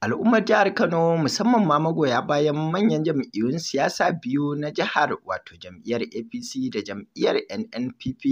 Al'ummar Jihar Kano musamman ma magoya bayan manyan jam'iyyun siyasa biyu na jihar wato jam'iyyar APC da jam'iyyar NNPP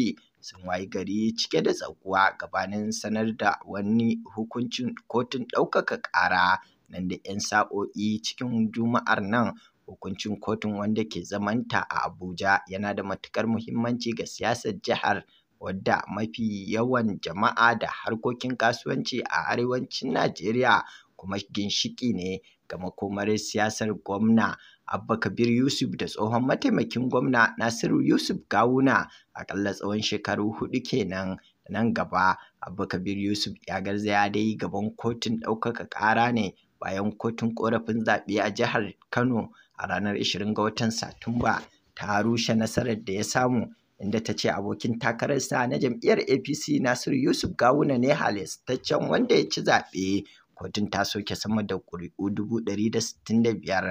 sun wayi gari cike da tsaguwa gabanin sanar da wani hukuncin kotun ɗaukaka ƙara nan da 'yan sa'o'i cikin Juma'ar nan hukuncin kotun wanda ke zamanta a Abuja yana da matukar muhimmanci ga siyasar jihar wadda mafi yawan jama'a da harkokin kasuwanci a arewacin Najeriya kuma ginshiki ne ga makomar siyasar gwamna Abba Kabir Yusuf da tsohon mataimakin gwamna Nasiru Yusuf Gawuna akalla tsawon shekaru hudu kenan nan gaba Abba Kabir Yusuf ya garzaya dai gaban kotun ɗaukaka ƙara ne bayan kotun ƙorafin zaɓe a jihar Kano a ranar 20 ga watan Satumba ta rushe nasarar da ya samu inda ta ce abokin takararsa na jam'iyyar APC Nasiru Yusuf Gawuna ne halittaccen wanda ya ci zaɓe kotun ta soke sama da ƙuri'u dubu ɗari da sittin da biyar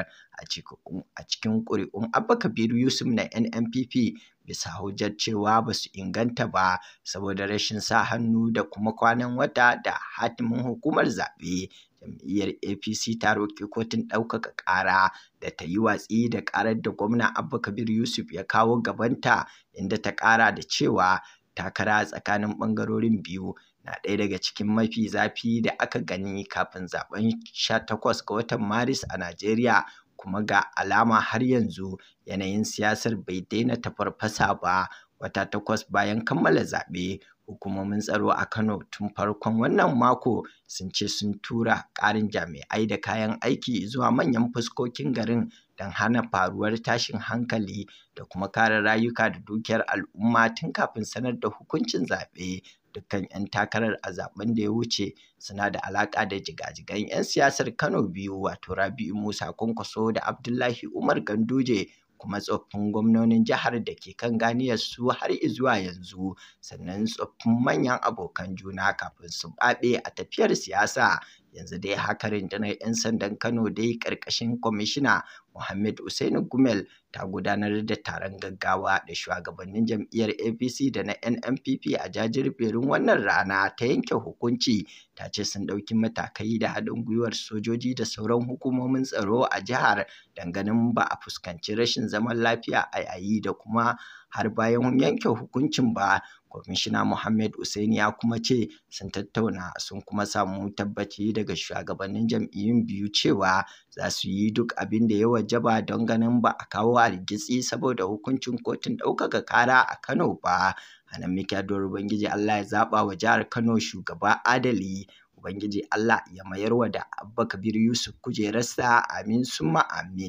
a cikin ƙuri'un abba kabiru yusuf na nnpp bisa hujjar cewa ba su inganta ba saboda rashin sa hannu da kuma kwanan wata da hatimin hukumar zaɓe jam'iyyar apc ta roƙi kotun ɗaukaka ƙara da ta yi watsi da ƙarar da gwamna abba kabir yusuf ya kawo gabanta inda ta ƙara da cewa takara tsakanin ɓangarorin biyu na ɗaya daga cikin mafi zafi da aka gani kafin zaɓen sha takwas ga watan Maris a Najeriya kuma ga alama har yanzu yanayin siyasar bai daina tafarfasa ba wata takwas bayan kammala zaɓe hukumomin tsaro a Kano tun farkon wannan mako sun ce sun tura ƙarin jami'ai da kayan aiki zuwa manyan fuskokin garin don hana faruwar tashin hankali da kuma kare rayuka da dukiyar al'umma tun kafin sanar da hukuncin zaɓe dukkan 'yan takarar a zaben da ya wuce suna da alaƙa da jiga-jigan 'yan siyasar kano biyu wato rabi'u musa kwankwaso da abdullahi umar ganduje kuma tsoffin gwamnonin jihar da ke kan ganiyar su har izuwa yanzu sannan tsoffin manyan abokan juna kafin su ɓaɓe a tafiyar siyasa yanzu dai haka rundunar 'yan sandan kano dai ƙarƙashin kwamishina Muhammad Usainu Gumel ta gudanar da taron gaggawa da shugabannin jam'iyyar APC da na NNPP a jajirberin wannan rana ta yanke hukunci ta ce sun ɗauki matakai da haɗin gwiwar sojoji da sauran hukumomin tsaro a jihar danganin ba a fuskanci rashin zaman lafiya a yayi da kuma har bayan yanke hukuncin ba kwamishina Muhammad Usaini ya kuma ce sun tattauna sun kuma samu tabbaci daga shugabannin jam'iyyun biyu cewa za su yi duk abin da ya wajaba don ganin ba a kawo hargitsi saboda hukuncin kotun ɗaukaka kara a Kano ba. Hannun addu'ar Ubangiji Allah ya zaɓa wa jihar Kano shugaba adali Ubangiji Allah ya mayar wa da Abba Kabir Yusuf kujerarsa amin summa amin.